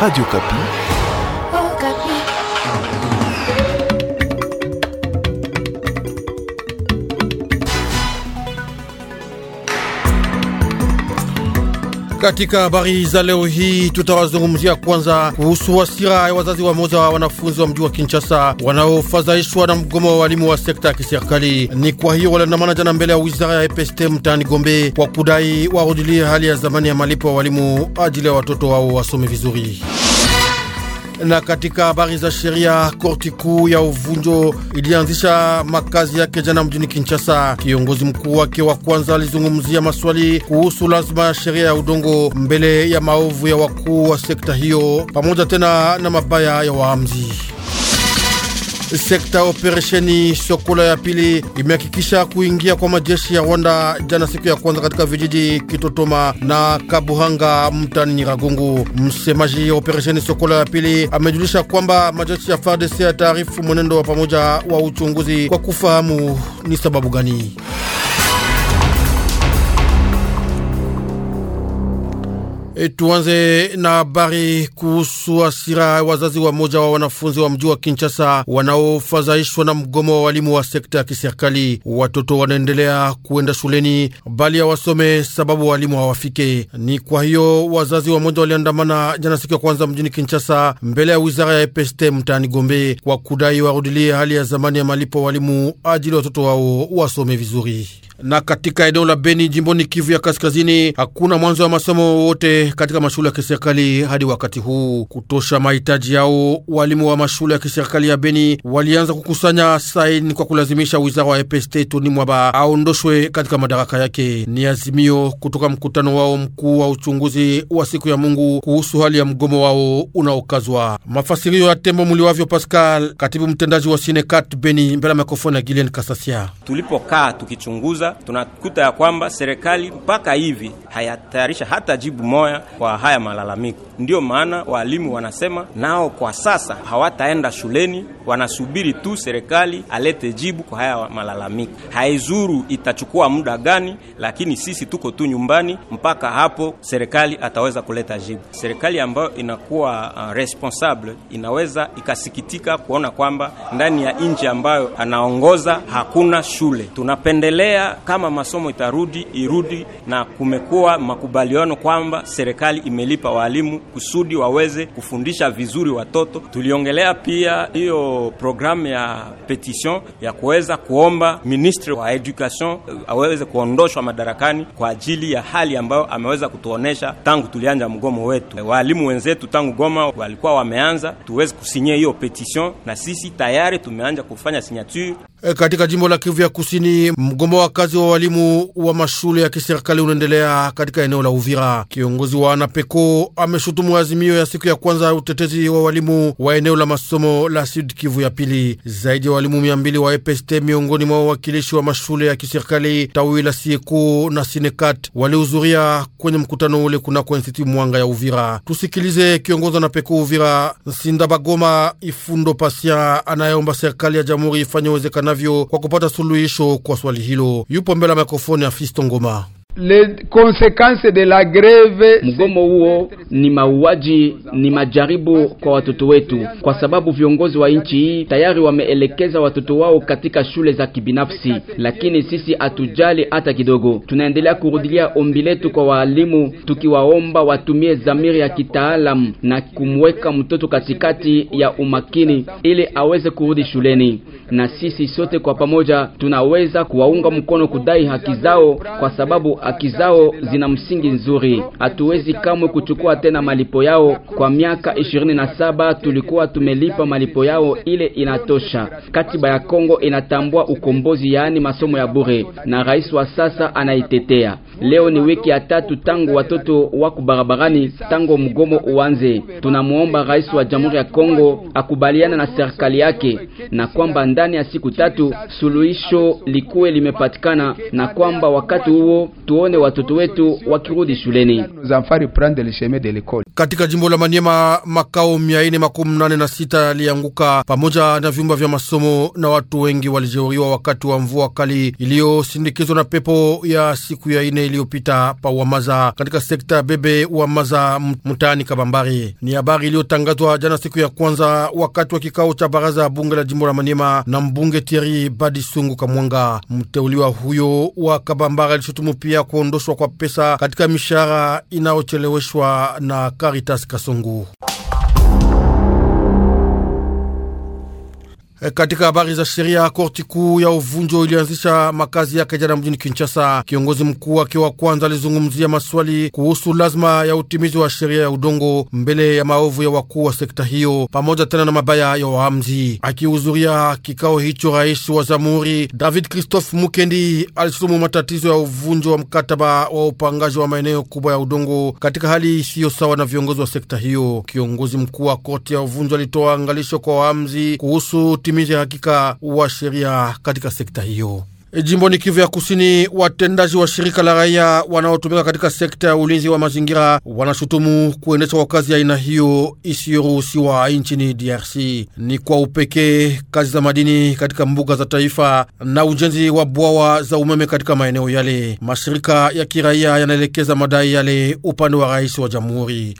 Radio Copie Katika habari za leo hii tutawazungumzia kwanza kuhusu hasira ya wazazi wa moja wa wanafunzi wa mji wa Kinshasa wanaofadhaishwa na mgomo wa walimu wa sekta ya kiserikali. Ni kwa hiyo waliandamana jana mbele ya wizara ya EPST mtaani Gombe kwa kudai warudilie hali ya zamani ya malipo ya walimu ajili ya watoto wao wasome vizuri. Na katika habari za sheria, korti kuu ya uvunjo ilianzisha makazi yake jana mjini Kinshasa. Kiongozi mkuu wake wa kwanza alizungumzia maswali kuhusu lazima ya sheria ya udongo mbele ya maovu ya wakuu wa sekta hiyo, pamoja tena na mabaya ya waamzi. Sekta operesheni Sokola ya pili imehakikisha kuingia kwa majeshi ya Rwanda jana siku ya kwanza katika vijiji Kitotoma na Kabuhanga mtani Nyiragongo. Msemaji operesheni Sokola ya pili amejulisha kwamba majeshi ya FARDC ya taarifu mwenendo wa pamoja wa uchunguzi kwa kufahamu ni sababu gani E, tuanze na habari kuhusu asira wazazi wa moja wa wanafunzi wa mji wa Kinshasa wanaofadhaishwa na mgomo wa walimu wa sekta ya kiserikali. Watoto wanaendelea kuenda shuleni bali hawasome sababu walimu hawafike. Ni kwa hiyo wazazi wa moja waliandamana jana siku ya kwanza mjini Kinshasa mbele ya wizara ya EPST mtaani Gombe kwa kudai warudilie hali ya zamani ya malipo walimu ajili watoto wao wasome vizuri na katika eneo la Beni jimboni Kivu ya Kaskazini hakuna mwanzo wa masomo wowote katika mashule ya kiserikali hadi wakati huu. Kutosha mahitaji yao, walimu wa mashule ya kiserikali ya Beni walianza kukusanya saini kwa kulazimisha wizara wa EPST Tony Mwaba aondoshwe katika madaraka yake. Ni azimio kutoka mkutano wao mkuu wa uchunguzi wa siku ya Mungu kuhusu hali ya mgomo wao unaokazwa. Mafasirio ya Tembo Muliwavyo Pascal, katibu mtendaji wa Sinekat Beni, mbele ya mikrofoni ya Gilen Kasasia. Tulipokaa tukichunguza kwanza tunakuta ya kwamba serikali mpaka hivi hayatayarisha hata jibu moya kwa haya malalamiko. Ndiyo maana walimu wanasema nao kwa sasa hawataenda shuleni, wanasubiri tu serikali alete jibu kwa haya malalamiko. Haizuru itachukua muda gani, lakini sisi tuko tu nyumbani mpaka hapo serikali ataweza kuleta jibu. Serikali ambayo inakuwa uh, responsable inaweza ikasikitika kuona kwamba ndani ya nchi ambayo anaongoza hakuna shule. Tunapendelea kama masomo itarudi irudi, na kumekuwa makubaliano kwamba serikali imelipa walimu kusudi waweze kufundisha vizuri watoto. Tuliongelea pia hiyo programu ya petition ya kuweza kuomba ministre wa education eh, aweze kuondoshwa madarakani kwa ajili ya hali ambayo ameweza kutuonesha tangu tulianja mgomo wetu. Eh, Waalimu wenzetu tangu Goma walikuwa wameanza tuweze kusinyia hiyo petition, na sisi tayari tumeanja kufanya signature. Eh, katika jimbo la Kivu ya Kusini, mgomo wa kazi wa walimu wa mashule ya kiserikali unaendelea katika eneo la Uvira. Kiongozi wa ANAPECO ameshutumu azimio ya siku ya kwanza ya utetezi wa walimu wa eneo la masomo la Sud Kivu ya pili. Zaidi ya walimu mia mbili wa EPST miongoni mwa wawakilishi wa mashule ya kiserikali tawi la Sieku na Sinekat walihudhuria kwenye mkutano ule kunako Institut Mwanga ya Uvira. Tusikilize kiongozi wa ANAPECO Uvira Sindabagoma Ifundo Pasia anayeomba serikali ya jamhuri ifanye uwezekano iwezekanavyo kwa kupata suluhisho kwa swali hilo. Yupo mbele ya mikrofoni ya Fisto Ngoma les conséquences de la greve. Mgomo huo ni mauaji, ni majaribu kwa watoto wetu, kwa sababu viongozi wa nchi hii tayari wameelekeza watoto wao katika shule za kibinafsi, lakini sisi hatujali hata kidogo. Tunaendelea kurudilia ombi letu kwa waalimu, tukiwaomba watumie dhamiri ya kitaalamu na kumweka mtoto katikati ya umakini ili aweze kurudi shuleni, na sisi sote kwa pamoja tunaweza kuwaunga mkono kudai haki zao kwa sababu haki zao zina msingi nzuri. Hatuwezi kamwe kuchukua tena malipo yao. Kwa miaka ishirini na saba tulikuwa tumelipa malipo yao, ile inatosha. Katiba ya Kongo inatambua ukombozi, yaani masomo ya bure, na rais wa sasa anaitetea. Leo ni wiki ya tatu tangu watoto wako barabarani tangu mgomo uanze. Tunamwomba rais wa Jamhuri ya Kongo akubaliana na serikali yake na kwamba ndani ya siku tatu suluhisho likuwe limepatikana na kwamba wakati huo tuone watoto wetu wakirudi shuleni. Katika jimbo la Maniema makao mia ine makumi nane na sita yalianguka pamoja na vyumba vya masomo na watu wengi walijeruhiwa wakati wa mvua kali iliyosindikizwa na pepo ya siku ya ine iliyopita pa Wamaza katika sekta ya Bebe Wamaza mtaani Kabambari. Ni habari iliyotangazwa jana siku ya kwanza wakati wa kikao cha baraza ya bunge la jimbo la Manema na mbunge Thierry Badisungu Kamwanga. Mteuliwa huyo wa Kabambari alishutumu pia kuondoshwa kwa pesa katika mishahara inayocheleweshwa na Caritas kasungu Eh, katika habari za sheria, korti kuu ya uvunjo ilianzisha makazi yake jana mjini Kinshasa. Kiongozi mkuu wake wa kwanza alizungumzia maswali kuhusu lazima ya utimizi wa sheria ya udongo mbele ya maovu ya wakuu wa sekta hiyo, pamoja tena na mabaya ya waamzi. Akihudhuria kikao hicho, rais wa jamhuri David Christophe Mukendi alishutumu matatizo ya uvunjo wa mkataba wa upangaji wa maeneo kubwa ya udongo katika hali isiyo sawa na viongozi wa sekta hiyo. Kiongozi mkuu wa korti ya uvunjo alitoa angalisho kwa waamzi kuhusu kutimiza hakika wa sheria katika sekta hiyo. E, Jimboni Kivu ya Kusini, watendaji wa shirika la raia wanaotumika katika sekta ya ulinzi wa mazingira wanashutumu kuendesha kwa kazi ya aina hiyo isiyoruhusiwa nchini DRC. Ni kwa upekee kazi za madini katika mbuga za taifa na ujenzi wa bwawa za umeme katika maeneo yale. Mashirika ya kiraia yanaelekeza madai yale upande wa rais wa jamhuri.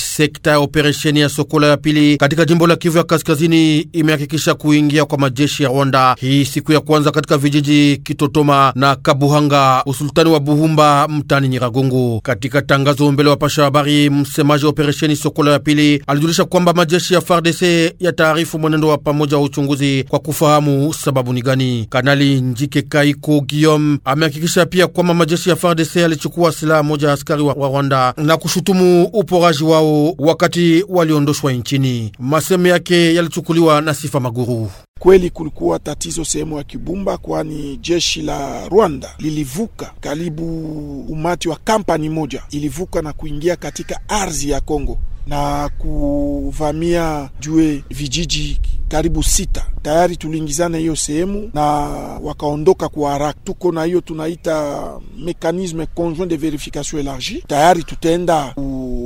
Sekta ya operesheni ya Sokola ya pili katika jimbo la Kivu ya Kaskazini imehakikisha kuingia kwa majeshi ya Rwanda hii siku ya kwanza katika vijiji Kitotoma na Kabuhanga, usultani wa Buhumba, mtani Nyiragongo. Katika tangazo mbele wa pasha habari, msemaji wa operesheni Sokola ya pili alijulisha kwamba majeshi ya FARDC yataarifu mwenendo wa pamoja wa uchunguzi kwa kufahamu sababu ni gani. Kanali Njike Kaiko Guillaume amehakikisha pia kwamba majeshi ya FARDC yalichukua silaha moja askari wa Rwanda na kushutumu uporaji wao hao wakati waliondoshwa nchini. maseme yake yalichukuliwa na Sifa Maguru. Kweli kulikuwa tatizo sehemu ya Kibumba, kwani jeshi la Rwanda lilivuka karibu umati wa kampani moja, ilivuka na kuingia katika ardhi ya Kongo na kuvamia jue vijiji karibu sita. Tayari tuliingizana hiyo sehemu na wakaondoka kwa haraka. Tuko na hiyo tunaita mekanisme conjoint de verification elargi, tayari tutaenda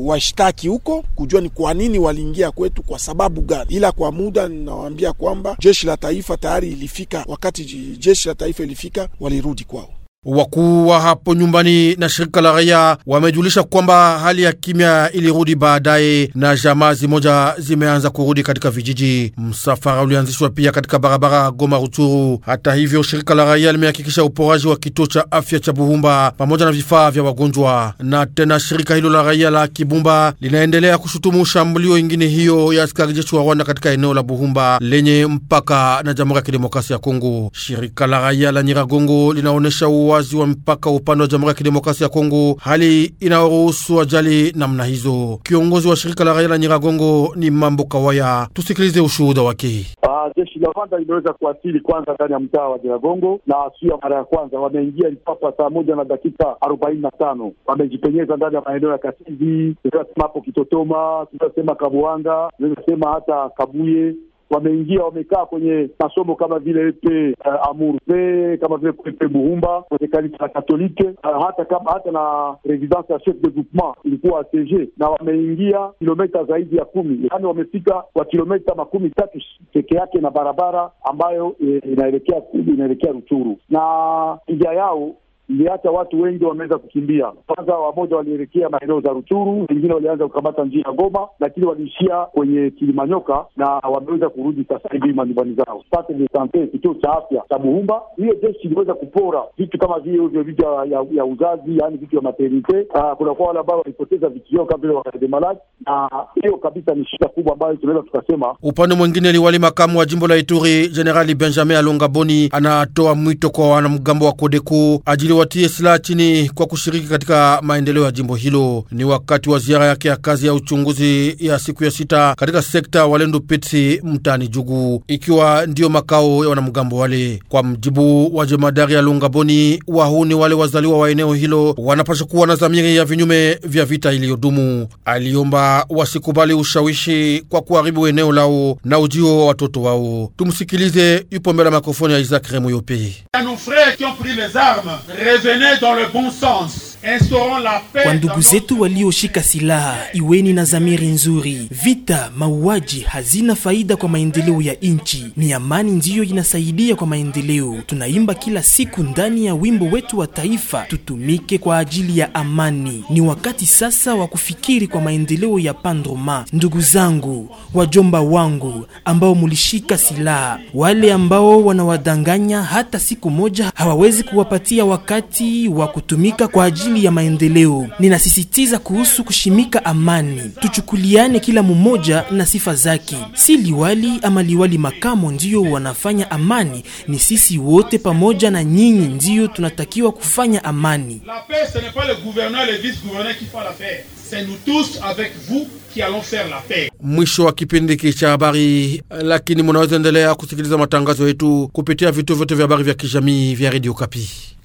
washtaki huko kujua ni kwa nini waliingia kwetu, kwa sababu gani. Ila kwa muda ninawaambia kwamba jeshi la taifa tayari ilifika, wakati jeshi la taifa ilifika walirudi kwao. Wakuu wa hapo nyumbani na shirika la raia wamejulisha kwamba hali ya kimya ilirudi baadaye na jamaa zimoja zimeanza kurudi katika vijiji. Msafara ulianzishwa pia katika barabara Goma Ruchuru. Hata hivyo, shirika la raia limehakikisha uporaji wa kituo cha afya cha Buhumba pamoja na vifaa vya wagonjwa. Na tena shirika hilo la raia la Kibumba linaendelea kushutumu shambulio ingine hiyo ya askari jeshi wa Rwanda katika eneo la Buhumba lenye mpaka na Jamhuri ya Kidemokrasia ya Kongo. Shirika la raia la Nyiragongo linaonesha uwazi wa mpaka upande wa Jamhuri ya Kidemokrasia ya Kongo, hali inayoruhusu ajali namna hizo. Kiongozi wa shirika la raia la Nyiragongo ni Mambo Kawaya, tusikilize ushuhuda wake. Ah, jeshi la Rwanda limeweza kuasili kwanza ndani ya mtaa wa Nyiragongo na sio mara ya kwanza. Wameingia ilipapa saa moja na dakika arobaini na tano wamejipenyeza ndani ya maeneo ya Kasizi, tunasema hapo Kitotoma, tunasema Kabuanga, tunasema hata Kabuye wameingia wamekaa kwenye masomo kama vile epe uh, eh, amurve kama vile epe Buhumba kwenye kanisa la Katolike uh, hata kama, hata na residence ya chef de groupement ilikuwa ACG na wameingia kilomita zaidi ya kumi, yaani wamefika kwa kilomita makumi tatu peke yake na barabara ambayo e, inaelekea inaelekea Ruchuru na njia yao iliacha watu wengi wameweza kukimbia. Kwanza wamoja walielekea maeneo za Ruchuru, wengine walianza kukamata njia ya Goma, lakini waliishia kwenye Kilimanyoka na wameweza kurudi sasa hivi manyumbani zao. Sante de sante, kituo cha afya cha Muhumba, hiyo jeshi iliweza kupora vitu kama vile hivyo vitu ya, ya, ya uzazi, yaani vitu vya maternite. Ah, Kunakuwa wale ambao walipoteza vitu vyao kama vile wakademalaki, na hiyo kabisa ni shida kubwa ambayo tunaweza tukasema. Upande mwingine, liwali makamu wa jimbo la Ituri Jenerali Benjamin Alonga Boni anatoa mwito kwa wanamgambo wa kodeku ajili watie silaha chini kwa kushiriki katika maendeleo ya jimbo hilo. Ni wakati wa ziara yake ya kazi ya uchunguzi ya siku ya sita katika sekta Walendu Pitsi mtaani Jugu, ikiwa ndiyo makao ya wanamgambo wale. Kwa mjibu wa jemadari ya Lungaboni, wahuni wale wazaliwa wa eneo hilo wanapasha kuwa na zamiri ya vinyume vya vita iliyodumu. Aliomba wasikubali ushawishi kwa kuharibu eneo lao na ujio wa watoto wao. Tumsikilize, yupo mbele ya makrofoni ya Isaac Remuyope. venez dans le bon sens. Kwa ndugu zetu walioshika silaha, iweni na zamiri nzuri. Vita, mauaji hazina faida kwa maendeleo ya nchi, ni amani ndiyo inasaidia kwa maendeleo. Tunaimba kila siku ndani ya wimbo wetu wa taifa, tutumike kwa ajili ya amani. Ni wakati sasa wa kufikiri kwa maendeleo ya Pandroma. Ndugu zangu, wajomba wangu ambao mulishika silaha, wale ambao wanawadanganya hata siku moja hawawezi kuwapatia wakati wa kutumika kwa ajili ajili ya maendeleo. Ninasisitiza kuhusu kushimika amani, tuchukuliane kila mmoja na sifa zake. Si liwali ama liwali makamo ndiyo wanafanya amani, ni sisi wote pamoja na nyinyi ndiyo tunatakiwa kufanya amani. Mwisho wa kipindi hiki cha habari, lakini munaweza endelea kusikiliza matangazo yetu kupitia vituo vyote vya habari vya kijamii vya Radio Kapi.